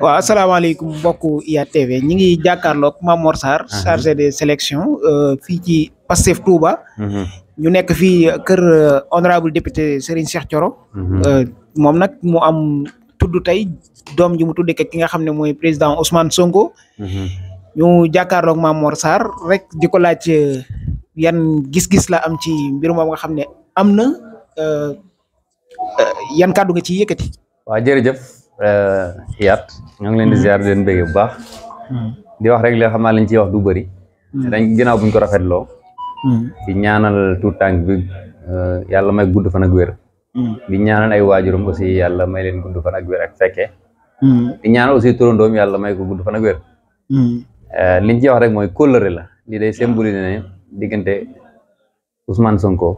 waaw asalaamaaleykum mbokku IYAT-TV ñi ngi jàkkaarloog Mamor Sarr chargé de sélection euh, fii ci Pastef Touba ñu nekk fii kër euh, honorable député Serigne Cheikh Thioro euh, moom nag mu am tudd tey doom ji mu tudde ke ki nga xam ne mooy président Ousmane Sonko ñu jàkkaarloog Mamor Sarr rek di ko laaj yan gis-gis la am ci mbir moom nga xam ne am na yan kàddu nga ci yëkkati waaw jërëjëf Euh, yat ñoo ngi leen di hmm. ziar di leen bëgg bu baax hmm. di wax rek li xam naa lañ ciy wax du bëri hmm. dañ ginnaaw buñ ko rafetloo di ñaanal tout tànk bi euh, yàlla may gudd fan ak wér di ñaanal ay waajuram aussi yàlla may leen gudd fan ak wér ak fekke di ñaanal aussi turandoom yàlla may ko gudd fan ak wér euh, liñ ciy wax rek mooy kóllëre la lii day symboliser ne diggante Ousmane Sonko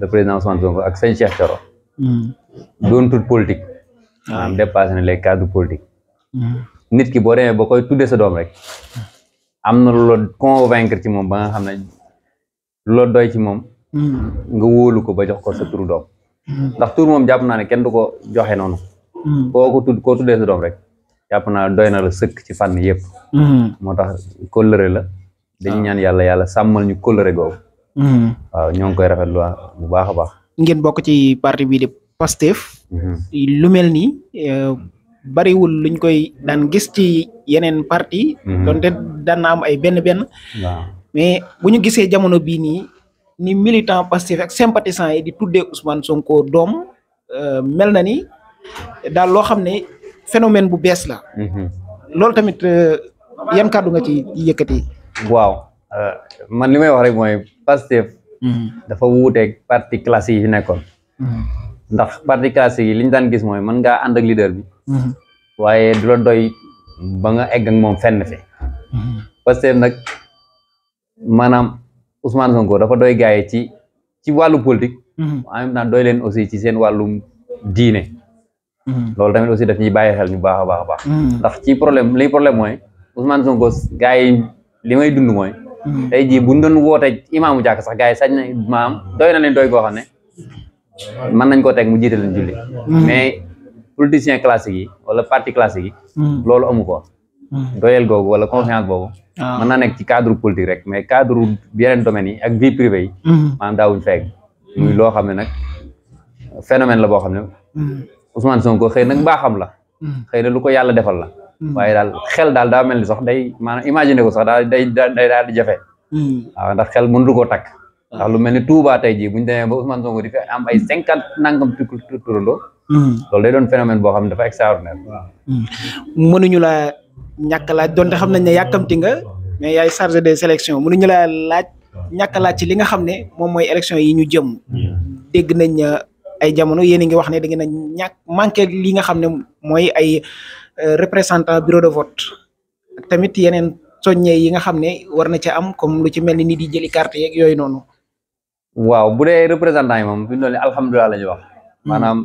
le président Ousmane Sonko ak sëñ Cheikh Thioro doon tut politique maanaam dépassé na les cadres politiques hmm. nit ki boo demee ba koy tuddee sa doom rek am na lu la convaincre ci moom ba nga xam ne lu doy ci moom hmm. nga wóolu ko ba jox ko sa turu doom hmm. ndax tour moom jàpp naa ne kenn du ko joxe noonu koo ko tudd koo tuddee sa doom rek jàpp naa doy na la sëkk ci fànn yëpp moo tax kóllëre la dañu ah. ñan yàlla yàlla sàmmal ñu kóllëre googu waaw ñoo ngi koy rafetlu bu baax baax ngeen bokk ci parti bii Pastef mhm. lu mel nii euh, bariwul luñ koy daan gis ci yeneen parti mhm. donte daan na am ay benn benn mais bu ñu gisee jamono bii nii ni militant Pastef ak sympathisant yi di tuddee Ousmane Sonko doom euh, mel na ni daal loo xam ne phénomène bu bees la mhm. loolu tamit euh, yan kàddu nga ci yëkkati waaw man li may wax rek mooy Pastef dafa wuuteeg parti classique yi fi nekkoon ndax parti classique yi li ñu daan gis mooy mën ngaa ànd ak leader bi mhm. waaye du la doy ba nga egg ak moom fenn fi mhm. parce que nag maanaam Ousmane Sonko dafa doy gaay ci ci wàllu politique mhm. en même doy leen aussi ci seen wàllum diine loolu tamit aussi daf ñuy bàyyi xel ñu baax a baax a baax ndax ci problème li problème mooy Ousmane Sonko gaay yi li may dund mooy tey jii buñ doon woote imaamu jàkk sax gaay yi sañ na maam doy na leen doy goo xam ne mën nañ koo teg mu jiite leen julli hmm. mais politicien classique yi wala parti classique yi hmm. loolu amu ko hmm. doyel googu wala confiance boobu ah. mën naa nekk ci cadre politique rek mais cadre yeneen domaines yi ak vie privée yi maanaam daawuñ fekk muy loo xam ne nag phénomène la boo xam ne Ousmane Sonko xëy nag mbaaxam la xëy na lu ko yàlla defal la waaye daal xel daal daa mel ni sax day maanaam imaginer ko sax daal day day daal di jafe waaw ndax xel mënut koo takk ndax lu mel ni Touba tey jii buñ demee ba Ousmane Sonko di fi am ay cinquante nangam turandoo. Hmm. loolu day doon phénomène boo xam ne dafa extraordinaire. Hmm. mënuñu laa ñàkk a laaj donte xam nañ ne yàkkamti nga mais yaay chargé des sélections mënuñu laa laaj ñàkk ci li nga xam ne moom mooy élection yi ñu jëm. Hmm. dégg nañ euh, ay jamono yéen a ngi wax ne da ngeen a manqué li nga xam ne mooy ay euh, représentant bureau de vote tamit yeneen soññee yi nga xam ne war na ca am comme lu ci mel ni nit yi jëli carte yeeg yooyu noonu. waaw bu dee représentant yi moom fi mu toll nii alhamdulilah la ñu wax. Hmm. maanaam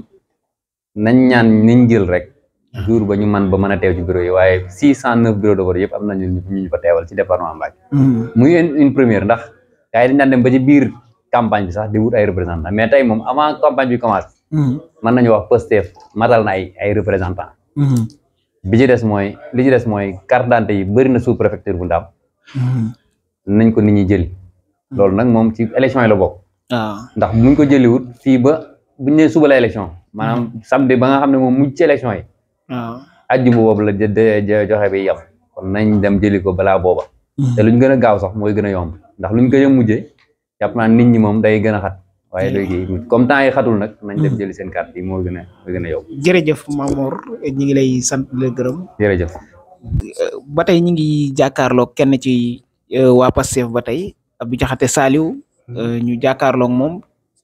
nañ ñaan niñ jël rek. Ah. jour ba ñu man ba mën a teew ci bureau yi waaye six cent neuf bureau yëpp am na ñu ñu fa teewal ci département Mbacké. Hmm. muy une première ndax gars yi dañ daan dem ba ci biir campagne bi sax di wut ay représentant mais tey moom avant campagne bi commencé. Hmm. mën nañu wax Pastef matal na ay ay représentant bi ci des mooy li ci des mooy carte d'identité yi bëri na sous préfecture bu Ndam. nañ ko ni ñi jël Hmm. loolu nag moom ci élection yi la bokk. waaw ah. ndax buñ ko jëliwut fii ba buñ ne suba la élection maanaam hmm. samedi ba nga xam ne moom mujj ci élection yi. waaw ah. ajjuma boobu joxe bi yem kon nañ dem jëli ko balaa booba. Hmm. te luñ gën a gaaw sax mooy gën a yomb ndax luñ gën a mujjee jàpp naa nit ñi moom day gën a xat. waaye léegi comme temps yi xatul nag nañ dem jëli seen carte yi moo gën a moo gën a yow. jërëjëf Mamor ñu ngi lay sant di la gërëm. jërëjëf. ba tey ñu ngi jàkkaarloog kenn ci euh, waa Pastef ba tey bu jaxate saaliw ñu jàkkaarloog moom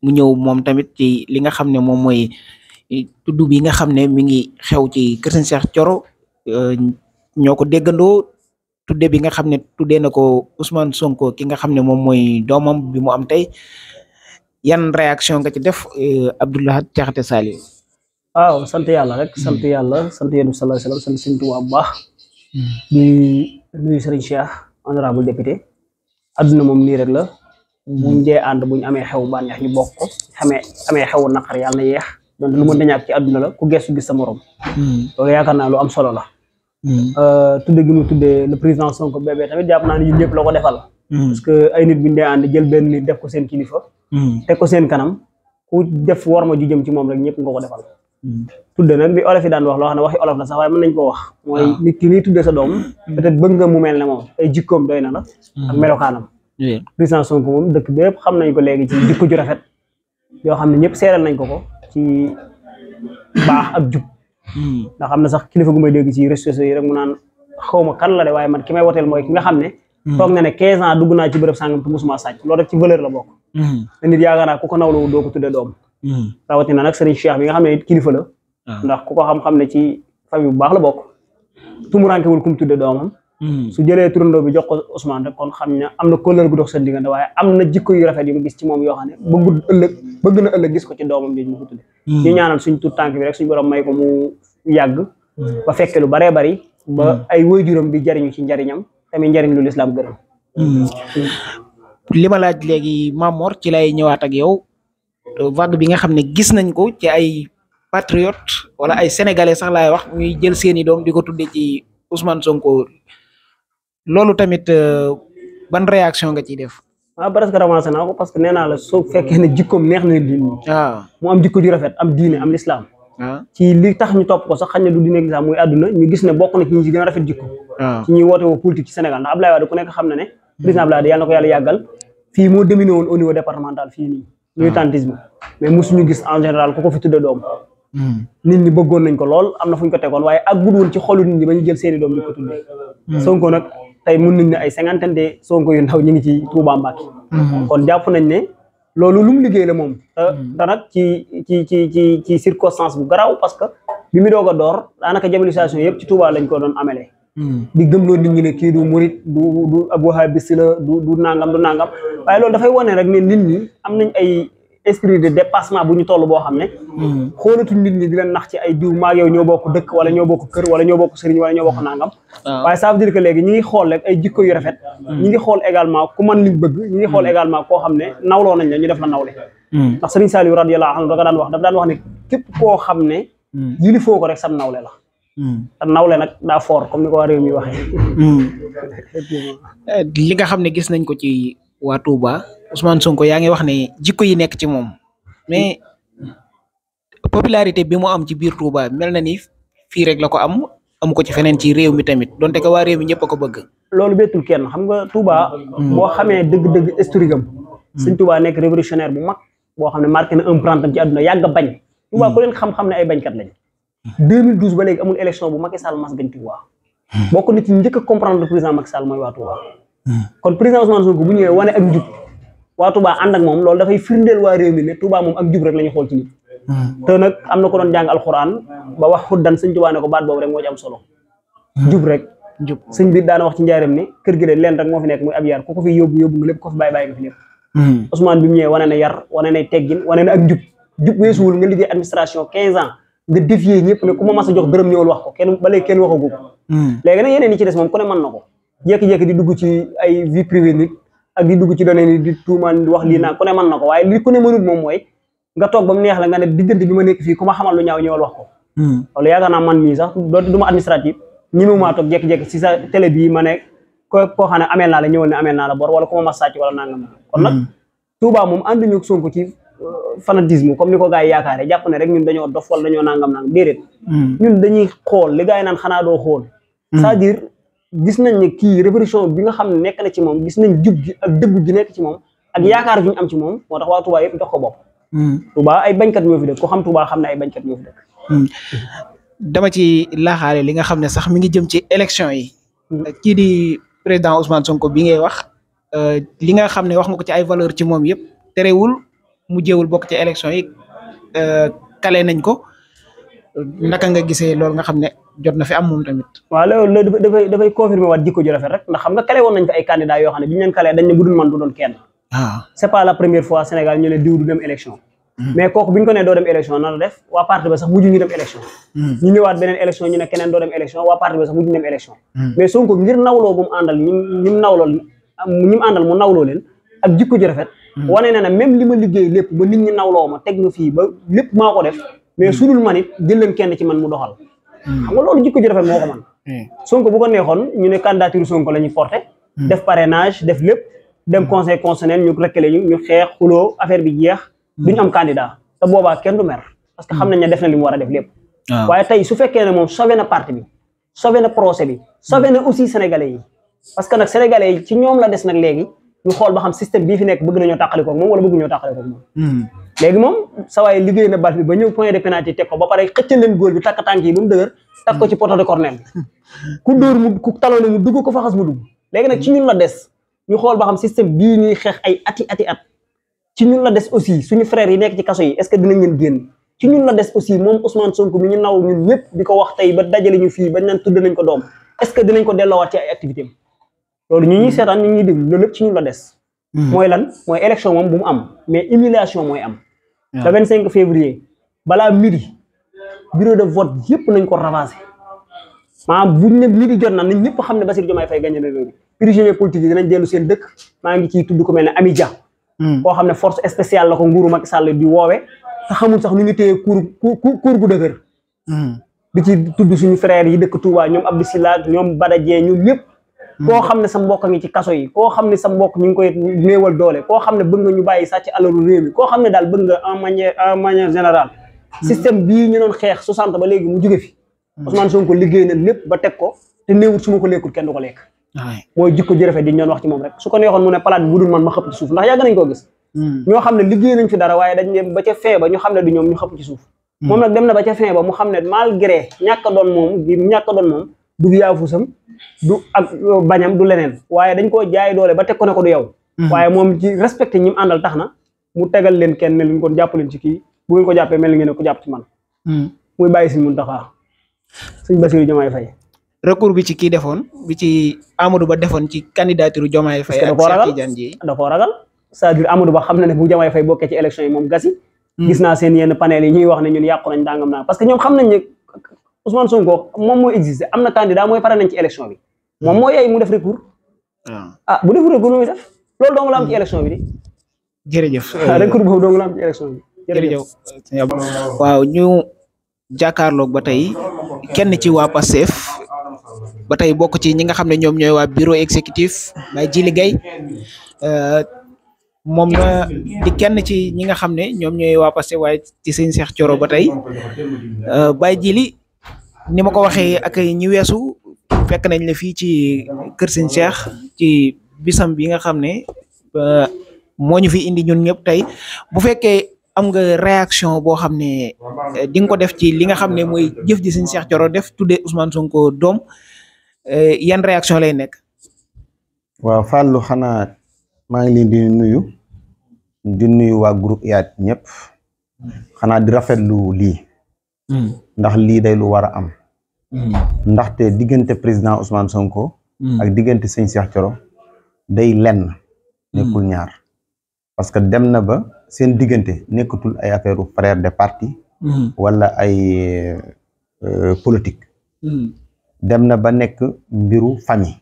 mu ñëw moom tamit ci li nga xam ne moom mooy euh, tudd bi nga xam ne mi ngi xew ci kër sëñ Cheikh Thioro euh, ñoo ko déggandoo tudde bi nga xam ne tuddee na ko Ousmane Sonko ki nga xam ne moom mooy doomam bi mu am tey yan réaction nga ci def euh, Abdoulaye Jaxate Saliou waaw ah, sant yàlla rek sant yàlla sant yéen sallallahu alayhi wa sallam sant Sëñ Tuubaa bu baax hmm. di nuyu Sëriñ Cheikh honorable député adduna moom nii rek la hmm. buñ dee bu buñ amee xew bànneex ñu bokk ko xamee amee xew naqar yàlla na yeex donc lu mën da ñàkk ci adduna la ku gestu gis sa morom hmm. loolu yaakaar naa lu am solo la hmm. euh, tudde gi mu tuddee le président Sonko bébé tamit jàpp naa ne ñun ñëpp la ko defal parce que ay nit buñ dee ànd jël benn nit def ko seen kilifa te ko seen kanam ku def war ma ju jëm ci moom rek ñëpp nga ko defal tudde nag di olof yi daan wax loo xam ne waxi olof la sax waaye mën nañ koo wax ah. mooy nit ki nii tudde sa doom hmm. peut bëgg mu mel ne moom ay jikkoom doy na la hmm. ak melokaanam président Sonko moom dëkk xam nañ ko léegi ci jikko ju rafet yoo xam ne ñëpp seeral nañ ko ko ci baax ak jub hmm. ndax xam na sax kilifa gu may dégg ci réseaux yi rek mu naan xaw ma kan la waaye man ki may woteel mooy ki nga xam ne toog na ne 15 ans dugg naa ci bërëb sàngam te ma sàcc loolu rek ci valeur la bokk te nit yaakaar naa ku ko nawlu doo ko tudde doom rawatina nag Serigne Cheikh bi nga xam ne it Ah. ndax ku ko xam-xam ne ci famille bu baax la bokk tumurankewul kum tudde doomam hmm. su jëlee turandoo bi jox ko Ousmane rek kon xam ne am na kóllëre gu dox seen diggante waaye am na jikko yu rafet yu mu gis ci moom yoo xam ne bëggul ëllëg bëgg na ëllëg gis ko ci doomam jooju mu ko tudde hmm. suñ tur tànk bi rek suñu may ko mu hmm. ba fekke lu baree bari ba ay waajuram bi jariñu ci njariñam tamit njariñ lu lislaam gërëm li ma laaj léegi Mamor ci lay ñëwaat ak yow vague bi nga xam ne gis nañ ko ci ay patriote wala ay sénégalais sax laay wax ñuy jël seeni doom di ko tudde ci Ousmane Sonko loolu tamit euh, ban réaction nga ciy def. ah presque ramassé naa ko parce que nee naa la soo fekkee ne jikkoom neex na diin waaw ah. mu am jikko ju rafet am diine am lislaam ah. ci li tax ñu topp ko sax xañ na du diine ak lislaam ñu gis ne bokk na ci ñi ci gën a rafet jikko ah. ci ñuy woote woo politique ci Sénégal ndax Abdoulaye Wade ku xam ne président Abdoulaye Wade yàlla na ko yàlla yàggal fii moo dominé woon au niveau départemental fii nii militantisme mais mosuñu gis en général ku ko fi tudde doom nit ñi bëggoon nañ ko lool am na fu ñu ko tegoon waaye ak gudd woon ci xolu nit ñi ba ñu jël seeni doom di ko tuddee sonko nag tey mun nañ ne ay cinquantaine de sonko yu ndaw ñu ngi ci Touba Mbacké mhm. kon jàpp nañ ne loolu lu mu liggéey la moom mhm. te nag ci ci ci ci ci circonstance bu garaaw parce que bi mu doog a door daanaka diabolisation yëpp ci Touba lañ ko doon amalee mhm. di gëmloo nit ñi ne kii du murit du du ab wahabiste la du du nangam du nangam waaye loolu dafay wane rek nit ñi am nañ ay esprit de dépassement bu ñu toll boo xam ne hmm. xoolatuñ nit ñi di nax ci ay diw maag yow ñoo bokk dëkk wala ñoo bokk kër wala ñoo bokk sëriñ wala ñoo bokk nangam ah. waaye ça ngi xool rek ay yu rafet hmm. ñi ngi xool également ku man bëgg ñi ngi xool hmm. également koo xam ne nawloo nañ la ñu def na nawle ndax sëriñ Saliou radiyallahu anhu da nga daan wax daf daan wax ne képp koo xam ne yilifoo ko rek sam nawle la te nawle nag daa foor kom ni ko waa réew mi waxee eh, li nga xam ne gis nañ ko ci waa Touba Ousmane Sonko yaa ngi wax ne jikko yi nekk ci moom mais popularité bi mu am ci biir Touba mel na ni fii rek la ko am amu ko ci feneen ci réew mi tamit donte ko waa réew mi ñëpp ko bëgg. loolu bettul kenn xam nga Touba. Hmm. boo xamee dëgg-dëgg historique am. Hmm. Sëñ Touba nekk révolutionnaire bu mag boo xam ne marqué na empreinte am ci àdduna yàgg a bañ. Touba hmm. ku leen xam-xam ne ay bañkat lañ 2012 ba léegi amul élection bu Macky Sall mas gañ Touba. bokk na ci njëkk a comprendre le président Macky Sall mooy waa Touba ànd ak moom loolu dafay firndeel waa réew mi ne Touba moom ak jub rek la ñu xool ci nit hmm. te am na ko doon jàng alxuraan ba wax xuddan sëñ Touba ne ko ba boobu rek moo ci solo hmm. jub rek jub sëñ bi daana wax ci njaareem ne kër gi leen rek fi nekk muy ab ku ko fi yóbbu yóbbu nga lépp ko fi bàyyi bàyyi nga fi lépp hmm. Ousmane bi mu ñëwee wane na yar wane na teggin wane na ak jub jub weesuwul nga liggéey administration quinze ans nga défier ñëpp ne ku ma mas a jox dërëm ñëwul wax ko kenn ba léegi kenn waxagu ko léegi nag yeneen yi ci des moom ku ne mën na ko jékki-jékki di dugg ci ay vie privée nit ak di dugg ci doone ni di tuumaal wax lii naa ku ne mën na ko waaye li ku ne mënut moom mooy nga ba mu ne diggante bi ma nekk fii ku ma xamal lu ñaaw ñëwal wax ko hmm. sa télé bii ma ne hmm. euh, ni ko gars yi yaakaare jàpp ne rek ñun dañoo dof wala dañoo nangam nangam déedéet hmm. ñun dañuy xool li gars yi naan xanaa doo xool cest dire gis nañ ne kii révolution bi nga xam ne nekk na ci moom gis nañ jub gi ak dëgg gi nekk ci moom ak yaakaar bi ñu am ci moom moo tax waa Touba yëpp jox ko bopp. Hmm. Touba ay bañkat ñoo fi dëkk ko xam Touba xam ne ay bañkat ñoo fi dëkk. Hmm. dama ci laaxaare li nga xam ne sax mi ngi jëm ci élection yi. Hmm. kii di président Ousmane Sonko bi ngay wax. Euh, li nga xam ne wax nga ko ci ay valeur ci moom yëpp terewul mu jéewul bokk ci élection yi kale euh, nañ ko. naka nga gise loolu nga xam ne jot na fi am moom tamit waaw loolu loolu dafay dafay confirmer waat jikko ju rafet rek ndax xam nga kale woon nañ fi ay candidat yoo xam ne bi ñu leen kale dañ ne bu dul man du doon kenn ah c'est pas la première fois Sénégal ñu ne diw du dem élection hmm. mais kooku bi ñu ko nee doo dem élection nan la def waa parti ba sax mujj hmm. ne hmm. nawloo bu mu àndal nawlool ñu mu mu nawloo ak jikko ju rafet wane na ne même li ma liggéey lépp ba nit ñi nawloo ma teg ma fii ba lépp maa ko def mais hmm. su dul man it jël leen kenn ci man mu doxal. Hmm. xam nga loolu jikko ju rafet moo ko man hmm. Sonko bu ko neexoon ñu ne candidature Sonko la ñuy porté. def parrainage def lépp dem conseil constitutionnel ñu rëkkale ñu ñu xeex xuloo affaire bi jeex. duñu am candidat te boobaa kenn du mer parce que xam nañ ne def na li mu war a def lépp. Ah. waaye tey su fekkee ne moom sauvé na parti bi sauvé a procès bi sauvé na aussi sénégalais yi. parce que nag sénégalais yi ci ñoom la des nag léegi ñu xool ba xam système bii fi nekk bëgg nañoo tàqalikoo ak moom wala bëgg ñoo tàqalikoo ak moom. léegi moom sawaay liggéey na bal bi ba ñëw point de pénalty teg ko ba pare xëccal leen góor bi takk tànk yi ba mu dëgër takk ko ci poteau de corner ku dóor mu ku taloone mu dugg ko fa xas mu dugg léegi nag ci ñun la des ñu xool ba xam système bii ñuy xeex ay ati ati at ci ñun la des aussi suñu frères yi nekk ci kaso yi est-ce que dinañ leen génn ci ñun la des aussi moom Ousmane Sonko mi ñu naw ñun ñëpp di ko wax tey ba dajale ñu fii bañ naan tudd nañ ko doom est-ce dinañ ko delloowaat ci loolu ñu ñu ñuy déglu loolu lépp ci des hmm. mooy lan mooy élection moom mu am mais humiliation mooy am le vingt cinq février balaa midi bureau de vote yëpp nañ ko ravagé maanaam buñ ne midi jot na nañ ñëpp xam ne Bassirou Diomaye Faye gagné na réew mi prisonniers politiques yi dinañ dellu seen dëkk maa ngi ciy tudd ko mel ne Ami Dia hmm. koo xam ne force spéciale la ko nguuru Macky Sall di woowe te xamul sax nu ñu téye kuur kuur gu dëgër hmm. di ci tudd suñu frères yi dëkk Touba ñoom Abdou Sylla ñoom Badadien ñoom ñëpp Mm. koo xam ne sa mbokk ngi ci kaso yi koo xam ne sa mbokk ñu ngi koy néewal doole koo xam ne bëgg nga ñu bàyyi sàcc alalu réew mi koo xam ne daal bëgg nga en manière en manière générale mm. système bii ñu doon xeex ba léegi mu jóge fi mm. Ousmane Sonko liggéey na lépp ba teg ko te néewut su ma ko lekkul kenn du ko lekk mooy jikko jërëfe di ñoon wax ci moom rek su ko neexoon mu ne palaat bi budul man ma xëpp ci suuf ndax yàgg nañ koo gis ñoo xam ne liggéey nañ fi dara waaye dañ dem ba ca fee ba ñu xam ne du ñoom ñu xëpp ci suuf moom nag dem na ba ca fin ba mu xam ne malgré ñàkk doon moom gi ñàkk doon moom du yaafusam du ak euh, bañam du leneen waaye dañ koo jaay doole ba teg ko ne ko du yow mm-hmm. waaye moom ci respecté ñi mu àndal tax na mu tegal leen kenn ne luñ kon jàpp leen ci kii bu ko jàppee mel ni ngeen ko jàpp ci man mm-hmm. muy bàyyi suñ mun taxaa suñ Bassirou Diomaye Faye recours bi ci kii defoon bi ci Amadou Ba defoon ci candidature Diomaye Faye ak Cheikh Tidiane Dièye da koo ragal c'est-à-dire Amadou Ba xam na ne bu Diomaye Faye bokkee ci élection yi moom gasi mm-hmm. gis naa seen yenn panel yi ñuy wax ne ñun yàqu nañ dangam naa parce Ousmane Sonko moom mooy existé am na candidat mooy pare nañ ci élection bi moom mooy ay mu def recours. ah bu def recours mooy dong la ci hmm. élection bi di. jërëjëf ah, recours boobu dong la am waaw ñu jàkkaarloog ba tey kenn ci waa Pastef ba tey bokk ci ñi nga xam ne ñoom ñooy waa bureau exécutif Baye Djily Gaye euh, moom la kenn ci ñi nga xam ne ñoom ñooy waa Pastef waaye ci sëñ Cheikh Thioro ba tey euh, Baye Djily ni ma ko waxee ak ñi weesu fekk nañ la fii ci kër sëñ Cheikh ci bisam bi nga xam ne euh, moo ñu fi indi ñun ñëpp tey bu fekkee am nga réaction boo xam ne euh, di nga ko def ci li nga xam ne mooy jëf ji sëñ Cheikh Thioro def de Ousmane Sonko doom euh, yan réaction lay nekk. waaw Fallou xanaa maa ngi leen di nuyu di nuyu waa groupe IYAT ñëpp xanaa di rafetlu lii. Mm. ndax lii day lu war a am mm. ndaxte diggante président Ousmane Sonko mm. ak diggante sëñ seex Thioro day lenn nekkul ñaar parce que dem na ba seen diggante nekkatul ay affaire u frère de parti walla ay euh, politique dem na ba nekk mbiru famille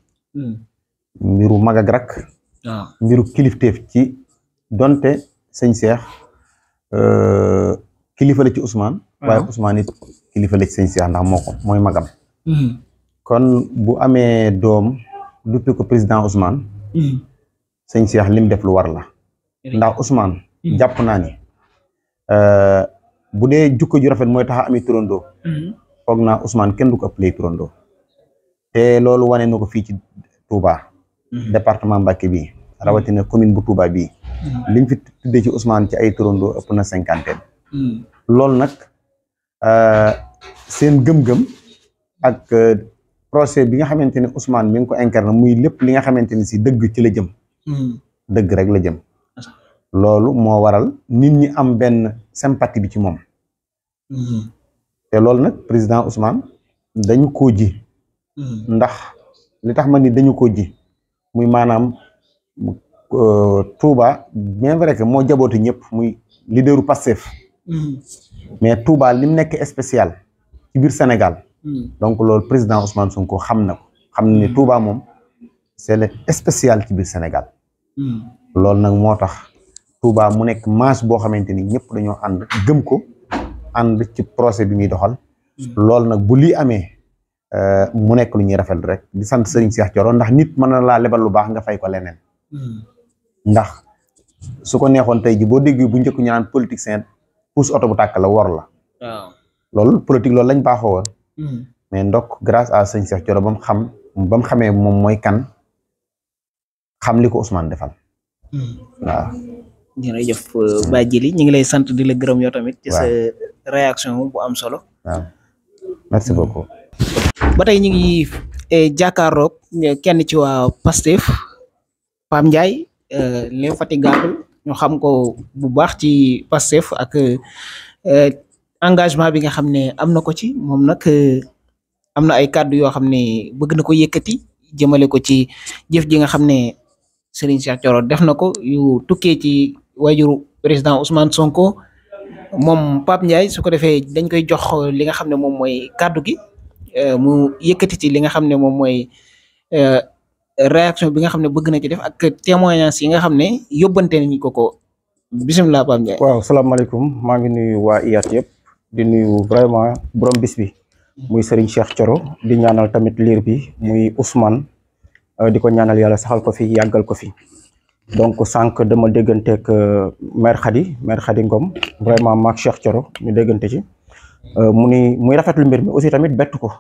mbiru mag ak ah. mbiru kilifteef ci donte sëñ Cheikh euh, kilifa la ci Ousmane. waaye Ousmane it kilifa la ci sëñ ndax moo ko mooy magam. Hmm. kon bu amee doom duppi ko président Ousmane. Hmm. sëñ Cheikh lim def lu war la. ndax Ousmane. Hmm. jàpp naa ni euh, bu dee jukko ju rafet mooy tax ami turandoo. foog naa Ousmane kenn du ko ëppalee turandoo. te loolu wane na ko fii ci Touba. département Mbacké bii rawatina commune bu Touba bii. lim fi tuddee ci Ousmane ci ay turandoo ëpp na cinquantaine. loolu nag euh, seen gëm-gëm ak euh, procès bi nga xamante ni Ousmane mi ngi ko incarné muy lépp li nga xamante ni si dëgg ci la jëm. Hmm. dëgg rek la jëm. loolu moo waral nit ñi am benn sympathie bi ci moom. Hmm. te loolu nag président Ousmane dañu ko ji. Hmm. ndax li tax ma ni dañu ko ji muy maanaam euh, Touba bien vrai que moo jaboote ñëpp muy leaderu Pastef. Mm-hmm. mais Touba li mu nekk spécial ci biir Sénégal. Mm-hmm. donc loolu président Ousmane Sonko xam na ko xam ne mm-hmm. Touba moom c'est le spécial ci biir Sénégal. loolu nag moo tax Touba mu nekk manche boo xamante ni ñëpp dañoo ànd gëm ko ànd ci procès bi muy doxal. loolu nag bu lii amee. Euh, mu nekk lu ñuy rafetlu rek di sant Serigne Cheikh Thioro ndax nit mën na laa lebal lu baax nga fay ko leneen. ndax su ko neexoon tey ji boo déggee bu njëkk ñu naan politicien pousse oto bu tàkk la wor la. waaw loolu politique loolu lañ baaxoo woon. Hmm. mais ndok grâce à sëñ Cheikh Thioro ba mu xam ba mu xamee moom mooy kan xam li ko Ousmane defal. Hmm. waaw. jërëjëf euh, Ba Djili ñu ngi lay sant di la gërëm yow tamit. ci sa réaction bu am solo. waaw merci hmm. beaucoup. ba tey ñu ngi eh, jàkkaarloog eh, kenn ci waa Pastef Pam Ndiaye euh, ñu xam ko bu baax ci Pastef ak euh, engagement bi nga xam ne am na ko ci moom nag euh, am na ay kàddu yoo xam ne bëgg na ko yëkkati jëmale ko ci jëf ji nga xam ne Serigne Cheikh Thioro def na ko yu tukkee ci wajuru président Ousmane Sonko moom Pape Ndiaye su ko defee dañ koy jox li nga xam ne moom mooy kàddu gi euh, mu yëkkati ci li nga xam ne moom mooy réaction bi nga xam ne bëgg na ci def ak témoignage yi nga xam ne yóbbante nañu ko ko bisimilah Pape Ndiaye. waaw salaamaaleykum maa ngi nuyu waa IYAT yëpp di nuyu vraiment borom bis bi muy Serigne Cheikh coro di ñaanal tamit liir bi muy Ousmane di ko ñaanal yàlla saxal ko fi yàggal ko fi donc sànq dama dégganteeg euh, mère Khady mère Khady Ngom vraiment maak Cheikh Thioro ñu déggante ci euh, mu ni muy rafetlu mbir mi aussi tamit bett ko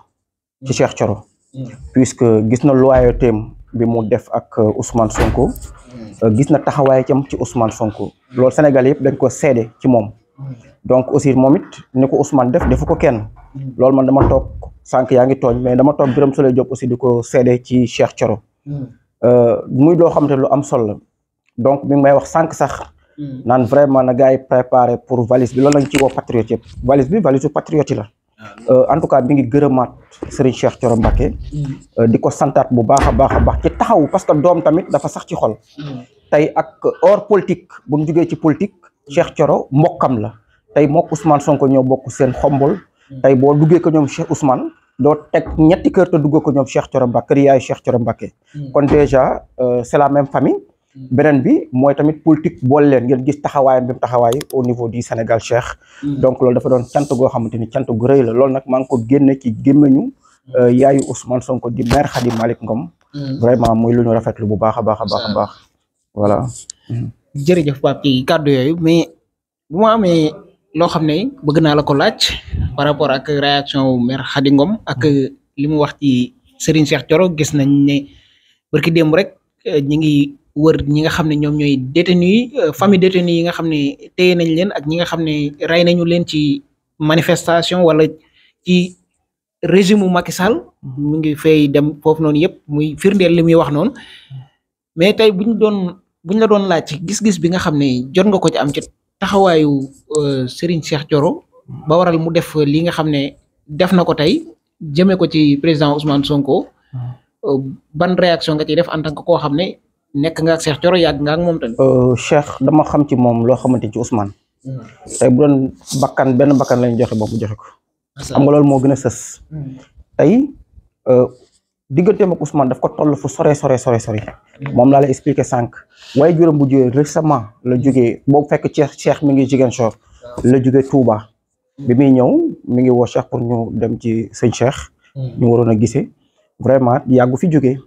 ci Cheikh coro mm. puisque gis na loyauté am bi mu def ak euh, Ousmane Sonko hmm. euh, gis na taxawaay cam ci Ousmane Sonko loolu Sénégal yëpp dañ ko seede ci moom hmm. donc aussi moom it ni ko Ousmane def defu ko kenn hmm. loolu man dama toog sànq yaa ngi tooñ mais dama toog Birame Souleye Diop aussi di ko seede ci Cheikh Thioro euh, muy loo xam te lu am solo la donc mi ngi may wax sànq sax naan vraiment na gars yi préparé pour valise bi loolu lañ ci woo patriote yëpp valise bi valise su la Euh, en tout cas mi ngi gërëmaat Serigne Cheikh Thioro Mbacké euh, di ko santaat bu baax a baax a baax ci taxaw parce que doom tamit dafa sax ci xool tey ak or politique bu mu jugee ci politique Cheikh Thioro mbokkam la tey mook Ousmane Sonko ñoo bokk seen xombol tey boo duggee ko ñoom Cheikh Ousmane doo teg ñetti kër te duggee ko ñoom Cheikh Thioro Mbacké kër yaay Cheikh Thioro Mbacké hmm. kon déjà euh, c'est la même famille Mm. beneen bi mooy tamit politique boole leen ngeen gis taxawaayam bi mu taxawaay o niveau du Sénégal Cheikh. Mm. donc loolu dafa doon cant goo xamante ni cant gu rëy la loolu nag maa ngi ko génne ci gémmiñu mm. euh, yaayu Ousmane Sonko di maire Khady Malick Ngom. vraiment muy lu ñu rafetlu bu baax a baax a baax a baax. voilà. jërëjëf ci kàddu yooyu mais bu ma amee loo xam ne bëgg naa la ko laaj par rapport ak réaction maire Khady Ngom ak li mu wax ci Serigne Cheikh Thioro gis nañ ne barki rek euh, ñi ngi. wër ñi nga xam ne ñoom ñooy détenu yi euh, famille détenu yi nga xam ne téye nañ leen ak ñi nga xam ne rey nañu leen ci manifestation wala ci régime u Macky Sall mu ngi fay dem foofu noonu yëpp muy firndeel li muy wax noonu mais tey bu ñu doon bu la doon laaj ci gis-gis bi nga xam ne jot nga ko ci am ci taxawaayu euh, Serigne Cheikh Thioro ba waral mu def li nga xam ne def na ko tey jëmee ko ci président Ousmane Sonko hmm. euh, ban réaction nga ciy def en tant que xam ne nekk nga ak Cheikh Thioro yàgg nga ak moom tamit. Euh, dama xam ci moom loo xamante ci Ousmane. Hmm. te bu doon bakkan benn bakkan lañ joxe boobu joxe ko. xam nga loolu moo gën a sës. Hmm. tey euh, digganteem ak Ousmane daf ko toll fu sore sore sore sore. Hmm. moom laa la expliqué sànq. waaye juróom bu jógee récemment la jógee boo fekk Cheikh Cheikh mi ngi Ziguinchor. la jógee Touba. bi muy ñëw mi ngi woo Cheikh pour ñu dem ci sëñ Cheikh. ñu waroon a gisee. vraiment yàggu fi jógee.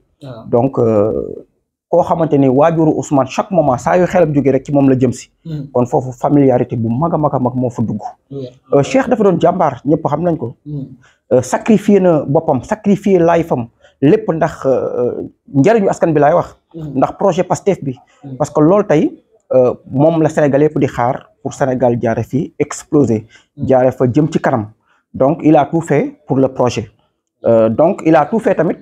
donc. Euh, koo xamante ni waajuru Ousmane chaque moment saa yu xelam jógee rek ci moom la jëm si. Hmm. kon foofu familiarité bu mag a mag a mag moo fa dugg. Euh, Cheikh dafa doon jàmbaar ñëpp xam nañ ko. Hmm. Euh, sacrifier na boppam sacrifier laayfam lépp ndax euh, njariñu askan bi laay wax. Hmm. ndax projet Pastef bi. parce que loolu tey moom la Sénégal yëpp di xaar pour Sénégal jaare fi explosé jaare fa jëm ci kanam donc il a pour le projet donc il a tamit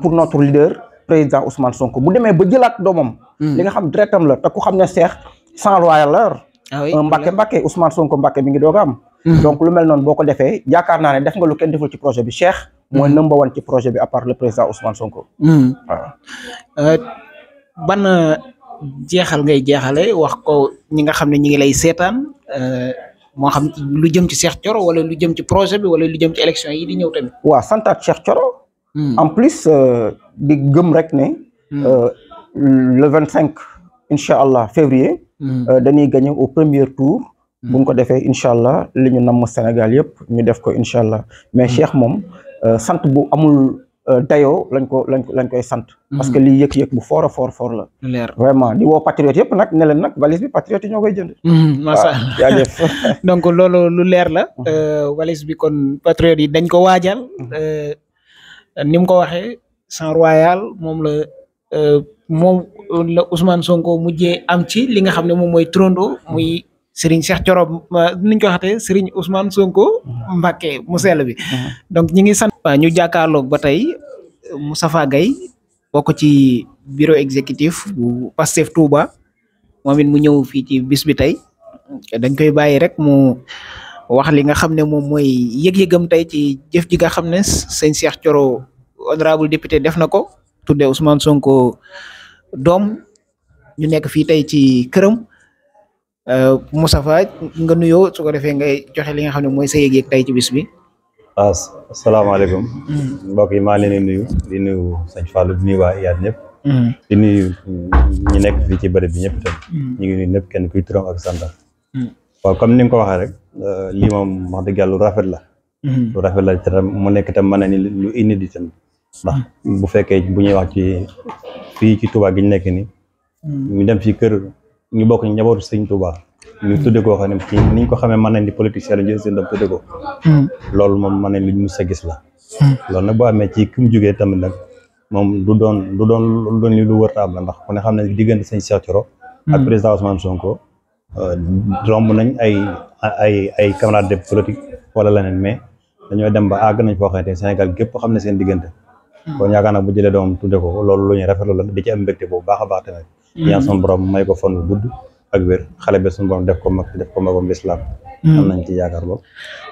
pour notre leader. président Ousmane Sonko bu demee ba jëlaat doomam. Hmm. li nga xam directam la te ku xam ne seex sans loyer la. ah mbake euh, Mbacke Mbacke Ousmane Sonko mi ngi doog am. Hmm. donc lu mel noon boo ko defee yaakaar naa ne def nga lu kenn deful ci projet bi Cheikh. mooy hmm. number one ci projet bi à part le président Ousmane Sonko. Euh, ban euh, jeexal ngay jeexale wax ko ñi nga xam ne ñi ngi lay seetaan moo xam lu jëm ci Cheikh Thioro wala lu jëm ci projet bi wala lu jëm ci élection yi di ñëw tamit. waaw santaat Cheikh Thioro. en plus di gëm rek ne. Hmm. Euh, le vingt cinq incha allah février. Hmm. Euh, dañuy gagné au premier tour. Hmm. bu ko defee incha allah li ñu namm Sénégal yëpp ñu def ko incha allah mais Cheikh moom euh, sant bu amul dayoo lañ ko lañ lañ koy sant. parce que lii yëg-yëg bu foor a fort foor la. leer vraiment di woo patriote yëpp nag ne leen nag valise bi patriote yi ñoo koy jënd. macha donc loolu lu leer la. valise bi kon patriote yi dañ ko waajal. ni ko waxee. sans royal moom la euh, moom la Ousmane Sonko mujjee am ci li nga xam ne moom mooy trondo muy Serigne Cheikh Thioro niñ ko waxatee Serigne Ousmane Sonko mbake mu sell bi donc ñi ngi sant ñu jàkkaarloog ba tey Moustapha Gaye bokk ci bureau exécutif bu Pastef Touba moom it mu ñëw fii ci bis bi tey dañ koy bàyyi rek mu wax li nga xam ne moom mooy yëg-yëgam tey ci jëf ji nga xam ne Serigne Cheikh Thioro honorable député def na ko tuddee Ousmane Sonko doom ñu nekk fii tey ci këram euh, Moustapha nga nuyoo su ko defee ngay joxe li nga xam ne mooy sa yëg-yëg tey ci bis bi. waaw ah, asalaamaaleykum. Mm. mbokk yi maa ngi leen di nuyu di nuyu sëñ Fallou di nuyu waa IYAT ñëpp. Mm. di nuyu nekk fii ci bërëb bi ñëpp itam. Mm. ñu ngi nuyu ñëpp kenn kuy turam ak santam. waaw comme ni nga ko waxee rek euh, lii moom wax dëgg lu rafet la. lu rafet la itam mu nekk itam mën na ni lu indi di ndax mm. bu fekkee bu ñuy wax ci fii ci Touba gi ñu nekk nii. Mm. ñu dem fii kër ñu bokk njabootu sëñ Touba. ñu tudde koo xam ne ci niñ ko xamee mën nañ di politicien lañu seen dem tudde ko. Mm. loolu moom mën nañ lu ñu sa gis la. loolu nag boo amee ci ki mu jógee tamit nag moom du doon du doon lu doon lu wër la ndax ku ne xam ne diggante sëñ Cheikh Thioro. ak président Ousmane Sonko. Euh, romb nañ ay ay ay camarades de politique wala leneen mais dañoo dem ba àgg nañ foo xamante Sénégal gépp xam ne seen diggante. Hmm. kon yaakaar naa bu jëlee doomam tudde ko loolu lu ñu rafetlu la di ci am mbégte boobu baax a baax tamit hmm. ñaan suñu borom may ko fan bu gudd ak wér xale bi suñu borom def ko mag def ko magom lislaam hmm. am nañ ci yaakaar lool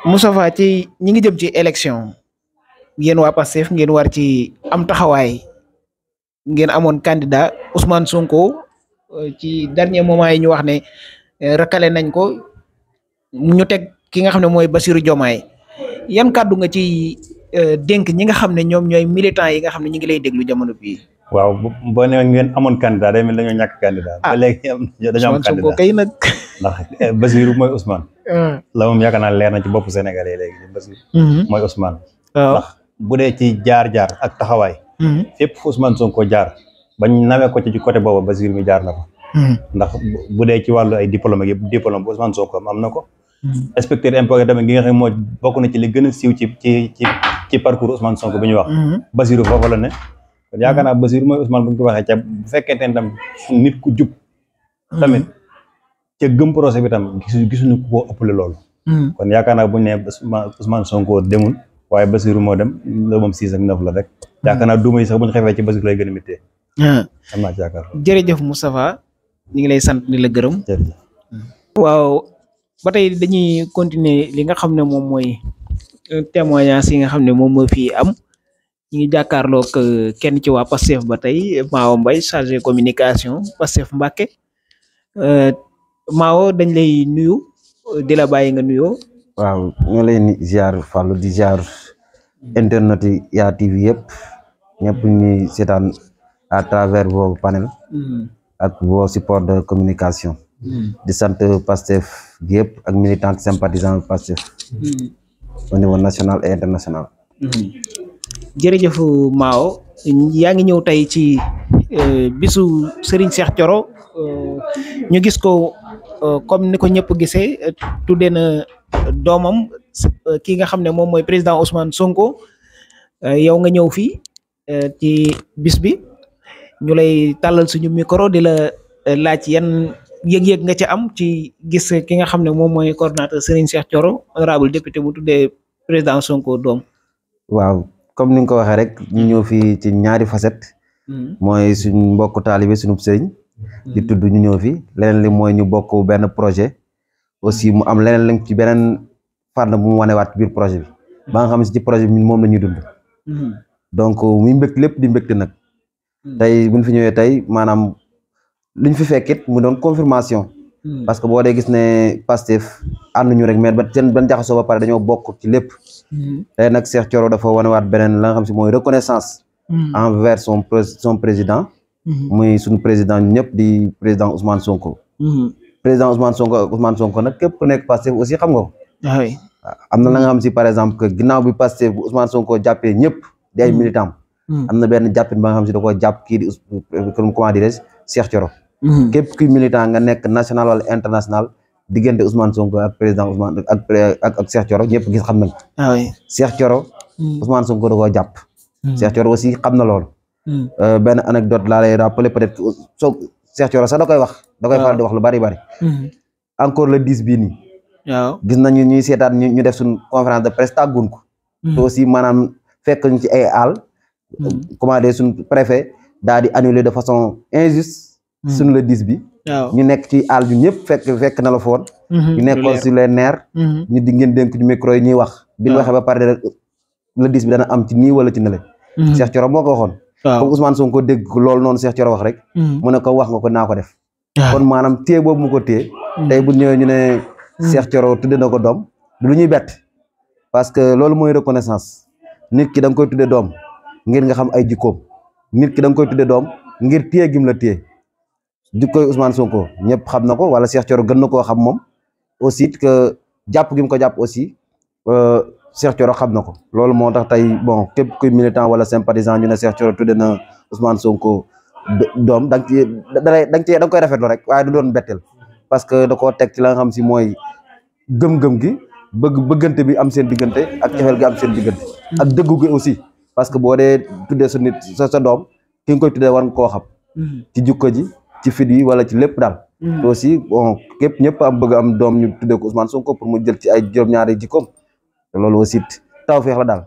Moustapha ci ñi ngi jëm ci élection ngeen waa Pastef ngeen war ci am taxawaay ngeen amoon candidat Ousmane Sonko euh, ci dernier moment yi ñu wax ne euh, rakale nañ ko ñu teg ki nga xam ne mooy Bassirou Diomaye yan kàddu nga ci Euh, dénk ñi nga xam ne ñoom ñooy militant yi nga xam ne ñu ngi lay déglu jamono bii. waaw boo nee ngeen amoon candidat day mel dañoo ñàkk candidat. Ah, ba léegi dañoo am candidat kay nag. ndax eh, Basirou mooy Ousmane. Ah. la moom yaakaar naa leer na ci bopp Sénégal yi léegi Basirou. Mm-hmm. mooy Ousmane. ndax bu dee ci jaar-jaar ak taxawaay. Mm-hmm. fépp fu Ousmane Sonko jaar bañ nawee ko ci côté boobu Basirou mi jaar na ko. Mm-hmm. ndax bu dee ci wàllu ay diplôme yëpp diplôme bu Ousmane Sonko am na ko. inspecteur impôt tamit nga xam moo bokk na ci li gën a siiw ci. ci parcours Ousmane Sonko bi ñuy wax. Mhm. Basirou foofu la ne. kon yaakaar naa Basirou mooy Ousmane bu ñu ko waxee ca bu fekkente ne tam nit ku jub. Mhm. tamit ca gëm procès bi tam gisu gisuñu ku ko ëppale loolu. Mhm. kon yaakaar naa bu ñu nee Sonko demul waaye Basirou dem loolu moom six ak la rek. yaakaar naa duuma yi sax bu ñu xefee ci Basirou lay a méttee. am naa ngi lay sant di la gërëm. waaw ba tey dañuy continuer li nga xam ne moom mooy. témoignage yi nga xam ne moom moo fi am ñu ngi jàkkaarloog euh, kenn ci waa Pastef ba tey Maawo Mbaye chargé communication Pastef Mbacké euh, Maawo dañ lay nuyu di la bàyyi nga nuyoo. waaw ñu ngi lay ziar di ziar internet yi yaa TV yëpp ñëpp ñuy seetaan à travers boobu panel. Hmm. ak boo support de communication. Hmm. di sant Pastef gi yëpp ak militant sympathisant Pastef. Hmm. au national et international. Mhm. jërëjëf Mao yaa ngi ñëw tey ci euh, bisu Serigne Cheikh Thioro euh, ñu gis ko euh, comme ni ko ñëpp gisee tuddee na doomam ki nga xam ne moom mooy président Ousmane Sonko yow nga ñëw fii ci bis bi ñu lay tàllal suñu micro di la laaj yan yëg-yëg nga ci am ci gis ki nga xam ne moom mooy coordonnateur Serigne Cheikh Thioro honorable député bu tuddee. président Sonko doom. waaw comme ni nga ko waxee rek ñu ñëw fii ci ñaari facette. Hmm. mooy suñ mbokk taalibe suñu sëriñ. di hmm. tudd ñu ñëw fi leneen li mooy ñu bokk benn projet. aussi mu am leneen lañ ci beneen fànn bu mu waat biir projet bi. ba nga xam ci projet bi moom la ñuy dund. Hmm. donc muy mbégte lépp di mbégte nag. tey bu ñu fi ñëwee tey maanaam luñ fi fekkit mu doon confirmation. Hmm. parce que boo dee gis ne Pastef ànduñu rek mais ba seen ban jaxasoo ba pare dañoo bokk ci lépp. Hmm. tey nag Cheikh Thioro dafa wanewaat beneen la xam si mooy reconnaissance. Hmm. envers son son président. muy suñu président ñëpp di président Ousmane Sonko. président Ousmane Sonko ak Ousmane Sonko nag képp ku nekk Pastef aussi xam nga ah am na la nga xam si par exemple que ginnaaw bi Pastef Ousmane Sonko jàppee ñëpp di ay militant am na benn jàppin ba nga xam si da koo jàpp kii di comment seex je Mhm. képp kuy militant nga nekk national wala international diggante Ousmane Sonko ak président Ousmane ak ak ak ah mhm. Sonko da koo jàpp. Mhm. Cheikh aussi xam na loolu. Euh, benn anecdote laa lay rappeler peut-être soo Cheikh Thioro sax da koy wax. da koy ah. faral di wax lu bari bari. encore le dix bii nii. waaw gis nañu ñuy ñu def suñ conférence de presse tàgguñ ko. te aussi maanaam fekk ñu ci ay àll. commandé suñ préfet daal annuler de façon injuste. Hmm. suñu la dis bi ñu nekk ci àll ñu ñëpp fekk fekk na la foon hmm. ñu nekkoon si les nerfs hmm. ñu di ngeen dénk di micro yi ñuy wax bi ñu waxee ba pare rek la dis bi dana am ci nii wala ci nële Cheikh Thioro moo ko waxoon comme Ousmane Sonko ko dégg loolu noonu seex Thioro wax rek mu ne ko wax nga ko naa ko def kon maanaam téye boobu mu ko téye tey bu ñëwee ñu ne seex Thioro tudde na ko doom du lu ñuy bett parce que loolu mooy reconnaissance nit ki da nga koy tudde doom ngir nga xam ay jikkoom nit ki da nga koy doom ngir téye gim la téye jikkoy Ousmane Sonko ñëpp xam na ko wala Cheikh Thioro gën na koo xam moom aussi que jàpp gi ko jàpp aussi euh, Cheikh Thioro xam na ko loolu moo tax tey bon képp kuy militant wala sympathisant ñu ne Cheikh Thioro tudde na Ousmane Sonko doom da nga ci da nga ci da koy rafetlu rek waaye du doon betteel parce que da koo teg ci la xam si mooy gëm-gëm gi bëgg bëggante bi am seen diggante ak cofeel gi am seen diggante ak dëggu gi aussi parce que boo dee tuddee sa nit sa sa doom ki koy tuddee war nga koo xam mm-hmm. ci ji ci fit yi wala ci lépp daal mm. te aussi bon képp ñëpp am bëgg am doom ñu tuddee ko Ousmane Sonko pour mu jël ci ay juróom-ñaari jikkoom te loolu aussi taw feex la daal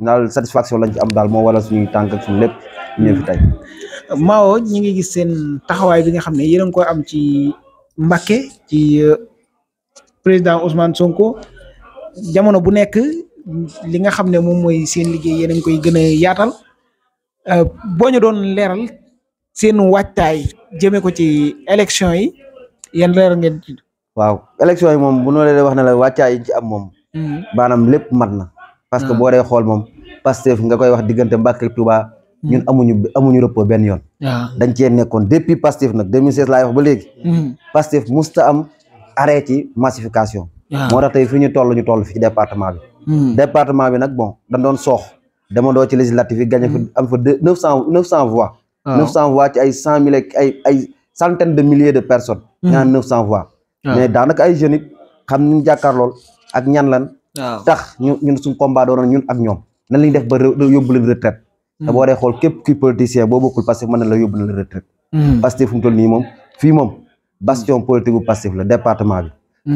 daal satisfaction lañ ci am daal moo wala suñuy tànk ak lépp ñëw fi tey mm. Mao ngi gis seen taxawaay bi nga xam ne yéen a ngi am ci Mbacké ci euh, président Ousmane Sonko jamono bu nekk li nga xam ne moom mooy seen liggéey yéen a koy gën a yaatal euh, boo ñu doon leeral seen waajtaay jëmee ko ci élection yi yan leer ngeen ci. waaw élection yi moom bu ñu leen wax na la waajtaay ci am moom. Mm-hmm. maanaam lépp mat na. parce que mm-hmm. boo dee xool moom Pastef nga koy wax diggante Mbacké Touba. Mm-hmm. ñun amuñu amuñu repos benn yoon. dañ cee nekkoon depuis Pastef nag 2016 laay wax ba léegi. Pastef musta am arrêt ci massification. moo tax tey fi ñu toll ñu toll fi ci département bi. département bi nag bon dañ doon soox. dama doo ci législative yi neuf cent voix ci ay cent mille ay ay centaine de milliers de personnes hmm. ñaan neuf cent voix ah. mais daanaka ay jeunes it xam ñu jàkkaar lool ak ñan lan ah. tax ñu ñun suñ combat ñun ak ñoom nan lañu def ba yóbbu leen retraite hmm. te boo dee xool képp kuy politicien boo bokkul Pastef mën na la yóbbu leen retraite hmm. Pastef fu mu nii moom fii moom bastion politique bu Pastef la département bi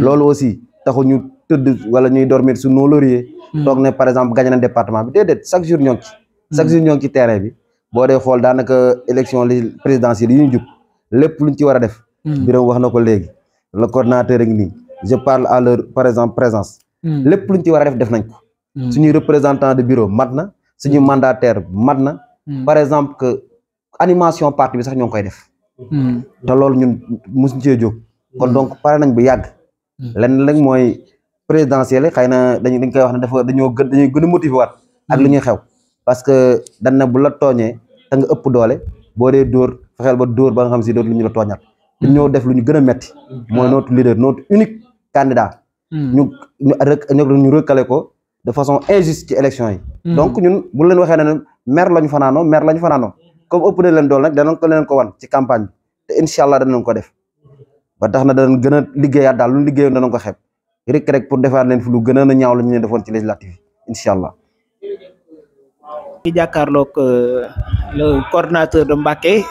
loolu aussi taxu ñu tëdd wala ñuy dormir sur nos lauriers toog ne par exemple gagné bi déedéet chaque jour ñoo ci terrain bi boo dee xool daanaka élection li présidentielle yi ñu jub lépp luñ ci war a def. Hmm. Birame wax na ko léegi la coordinateur ak nii je parle à leur par exemple présence. Hmm. lépp luñ ci war a def def nañ ko. Hmm. suñuy représentant de bureau mat na suñu mandataire mat na. par exemple que animation parti bi sax ñoo koy def. te loolu ñun mosuñ cee jóg. kon donc pare nañ bu yàgg. lenn nag mooy présidentielle xëy na dañ dañ koy wax ne dafa dañoo gën dañuy gën a motiver waat ak lu ñuy xew. parce que dañ na bu la tooñee te nga ëpp doole boo dee dóor fexeel ba dóor ba nga xam si dootu lu ñu la tooñaat ñu hmm. ñoo def lu ñu gën a metti hmm. mooy notre leader notre unique candidat hmm. ñu ñu rek ñu recalé ko de façon injuste ci élection yi donc ñun bu leen waxee ne maire lañu fanaanoo maire lañu fanaanoo comme ëpp na leen dool nag danañ ko leen ko wan ci campagne bi te incha allah danañ ko def ba tax na danañ gën a liggéeyaat daal lu liggéeyoon danañ ko xep rek rek pour defaat leen lu gën ñaaw la ñu ne defoon ci législative yi incha allah ki jàkkaarloog euh, le coordonnateur de Mbacké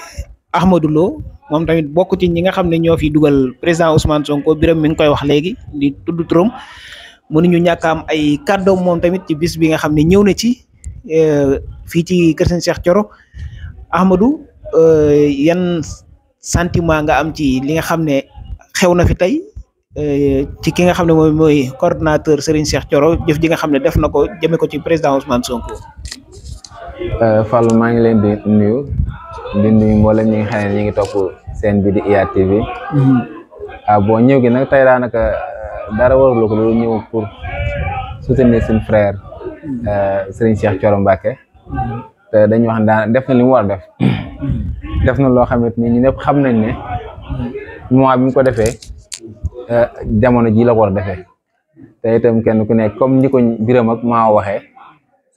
Ahmadou moom tamit bokk ci ñi nga xam ne ñoo fi dugal président Ousmane Sonko biram mi ngi koy wax léegi di tudd turam mënuñu ñàkk am ay kàddoom moom tamit ci bis bi nga xam ne ñëw na ci euh, fii ci kër sëñ Cheikh Thioro Ahmadou euh, yan sentiment nga am ci li nga xam ne xew na fi tey ci ki nga xam ne mooy mooy coordonnateur Serigne Cheikh Thioro jëf ji nga xam ne def na ko jëme ko ci président Ousmane Sonko. Euh, Fall maa ngi leen di nuyu di nuyu mboolem ñi nga xam ne ngi topp seen bi di IYAT TV. Mm-hmm. ah bon ñëw gi nag tey daanaka euh, dara warul ko lu ñëw pour soutenir suñu frère mm-hmm. euh, Serigne Cheikh Thioro Mbacké mm-hmm. te dañuy wax daan def na li mu war def. def na loo xamante ni ñu ñëpp xam nañ ne mois bi mu ko defee jamono ji la ko defee te itam kenn ku nekk comme ni ko Birame ak maa waxee.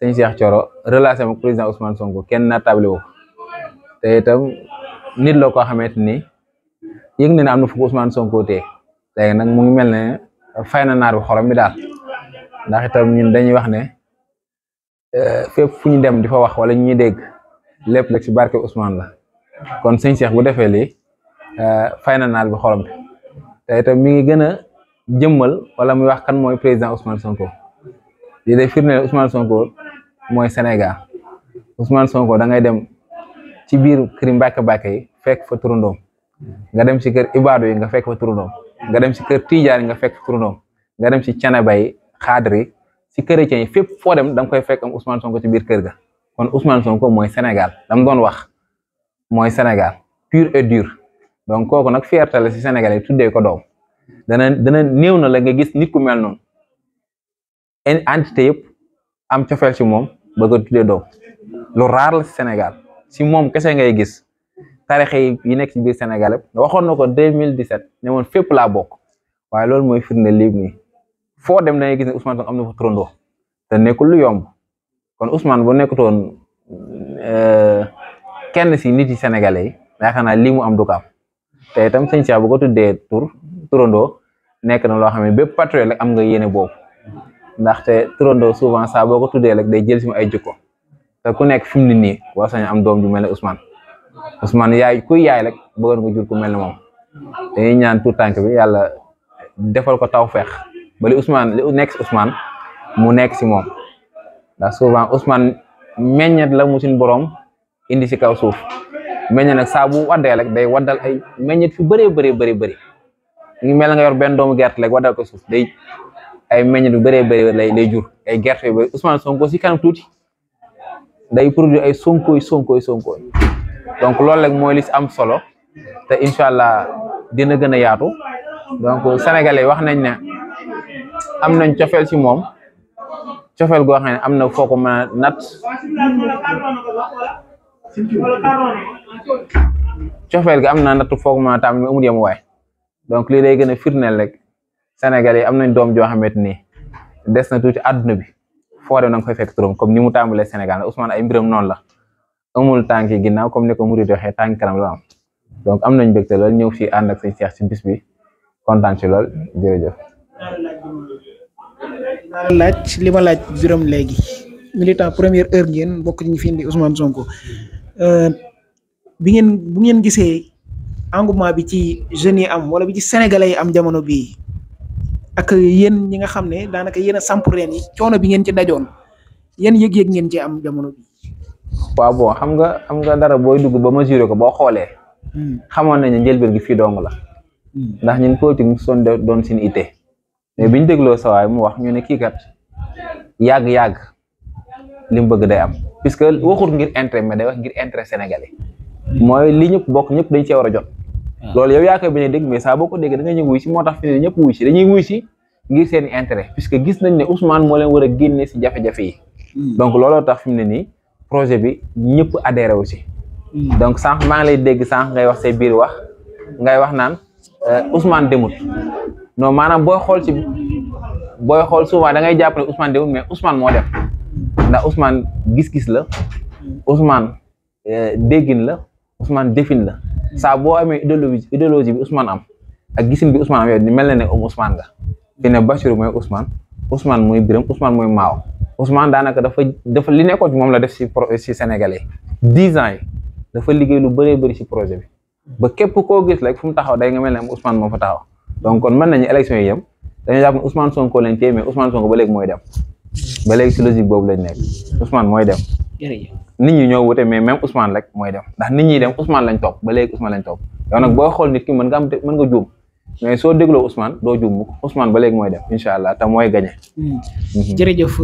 sëñ Cheikh Thioro relation ak président Ousmane Sonko kenn naatable wu te itam nit la koo xamante ni yëg na ne am na fu ko Ousmane Sonko tee nag mu ngi mel ne fay na naar bi xorom bi daal ndax itam ñun dañuy wax ne euh, fépp fu ñu dem di fa wax wala ñuy dégg lépp rek ci barke Ousmane la kon sëñ Cheikh bu defee lii euh, fay na naar bi xorom ta te mi ngi gën a jëmmal wala muy wax kan mooy président Ousmane Sonko lii day firndeel Sonko. mooy Sénégal Ousmane Sonko da ngay dem ci biir këri mbàkke-mbàkke yi fekk fa turandoom nga dem ci kër ibaadu yi nga fekk fa turandoom nga dem ci kër tijaan yi nga fekk fa nga dem ci canaba yi xaadir yi ci chrétien yi fépp foo dem da nga koy fekk am Ousmane Sonko ci biir kër ga kon Ousmane Sonko mooy Sénégal dam doon wax mooy Sénégal pur et dur donc kooku nag fierté la ci Sénégal yi tuddee ko doom dana dana na la nga gis nit ku mel noonu entité am cofeel ci moom bëgg a tuddee doom lu raar la Sénégal si moom kese ngay gis tarixe yi nekk ci biir Sénégal yëpp waxoon na ko 2017 ne woon fépp laa bokk waaye loolu mooy firnde lii nii foo dem da ngay gis ne Ousmane am na fa turandoo te nekkul lu yomb kon Ousmane bu nekkutoon euh, kenn si nit yi Sénégalais yi yaakaar naa lii mu am du ko am te itam sëñ Cheikh bu ko tuddee tur turandoo nekk na loo xam ne bépp patriote rek am nga yéene boobu. ndaxte turandoo souvent saa boo ko tuddee rek day jël si mu ay jikko te ku nekk fi mu ne nii war sañ am doom ju mel ne Ousmane Ousmane yaay kuy yaay rek bëggoon nga jur ku mel ne moom ñaan tout tànk bi yàlla defal ko taw feex ba li nekk si Ousmane mu nekk si moom ndax souvent Ousmane meññet la mu boroom indi si kaw suuf meññet nag saa bu waddee rek day waddal ay meññet fi bëree bëree bëri bëri ngi mel nga yor benn doomu gerte rek waddal ko suuf day ay meññ lu bëree bëri lay jur ay gerte yu bëri Sonko si kanam tuuti day produire ay sonkooy sonkoy sonkooy donc loolu rek mooy li am solo te incha allah dina gën a yaatu donc sénégalais wax nañ ne am nañ cofeel si moom cofeel goo xam ne am na foo ko nat cofel gi am na natt foo ko mën a tàmm waay donc lii day gën a firndeel rek. Sénégal yi am nañ doom joo xamante ni des na tuuti àdduna bi foo na nga koy fekk comme ni mu tàmbalee Sénégal Ousmane ay mbiram noonu la amul tànki ginnaaw comme ni ko Mouride waxee tànki kanam la am donc am nañ mbégte lool ñëw fii ànd ak sëñ Cheikh ci bis bi kontaan ci lool jërëjëf. laaj li ma laaj léegi militant première heure ngeen bokk ñu fi indi Ousmane Sonko euh, bi ngeen bu ngeen gisee engouement bi ci jeunes yi am wala bi ci sénégalais yi am jamono bii ak yéen ñi nga xam ne daanaka yéen a samp reen yi coono bi ngeen ci dajoon yéen yëg-yëg ngeen ci am jamono bi. waaw bon xam nga xam nga dara booy dugg ba mesuré ko boo xoolee. Hmm. xamoon nañu ne njëlbeen gi fii dong la. Hmm. ndax ñun politique mu son doon seen ité mais biñ dégloo sa waay mu wax ñu ne kii kat yàgg-yàgg li mu bëgg day am que waxut ngir intérêt mais day wax ngir intérêt sénégalais. Hmm. mooy li ñëpp bokk ñëpp dañ cee war a jot. Ah. loolu yow yaa koy bañ a dégg mais saa boo ko déggee da nga ñëw wuy si moo tax fi ne ñëpp wuy si dañuy wuy si ngir seen intérêt puisque gis nañ ne Ousmane moo leen war a génne si jafe-jafe yi hmm. donc looloo tax fi mu ne nii projet bi ñëpp adhéré wu hmm. donc sànq maa ngi lay dégg sànq ngay wax see biir wax ngay wax naan euh, Ousmane demut non maanaam booy xool ci booy xool souvent dangay ngay jàpp ne Ousmane demut mais Ousmane moo dem ndax Ousmane gis-gis la hmm. Ousmane euh, déggin la Ousmane défin la saa boo amee idéologie idéologie bi Ousmane am ak gisin bi Ousmane am yow ni mel na ne om la nga te ne Bachir mooy Ousmane Ousmane mooy Birame Ousmane mooy Maaw Ousmane daanaka dafa dafa li nekkoon moom la def si si Sénégalais dix ans yi dafa liggéey lu bare bëri si projet bi ba képp koo gis rek fu mu taxaw day nga mel ne am Ousmane moo fa taxaw donc kon mën nañu élection yi yem dañu jàpp ne Ousmane Sonko lañ téye mais Ousmane Sonko ba léegi mooy dem ba léegi si logique boobu lañ nekk Ousmane mooy dem. nit ñi ñoo wute mais même Ousmane rek mooy dem ndax nit ñi dem Ousmane lañ topp ba léegi Ousmane lañ topp yow nag boo xool nit ki mën nga am mën nga juum mais soo dégloo Ousmane doo juum mukk Ousmane ba léegi mooy dem incha allah te mooy gañe. Hmm. Mhm. jërëjëf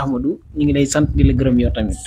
Amadou ñu ngi lay sant dila la gërëm yow tamit.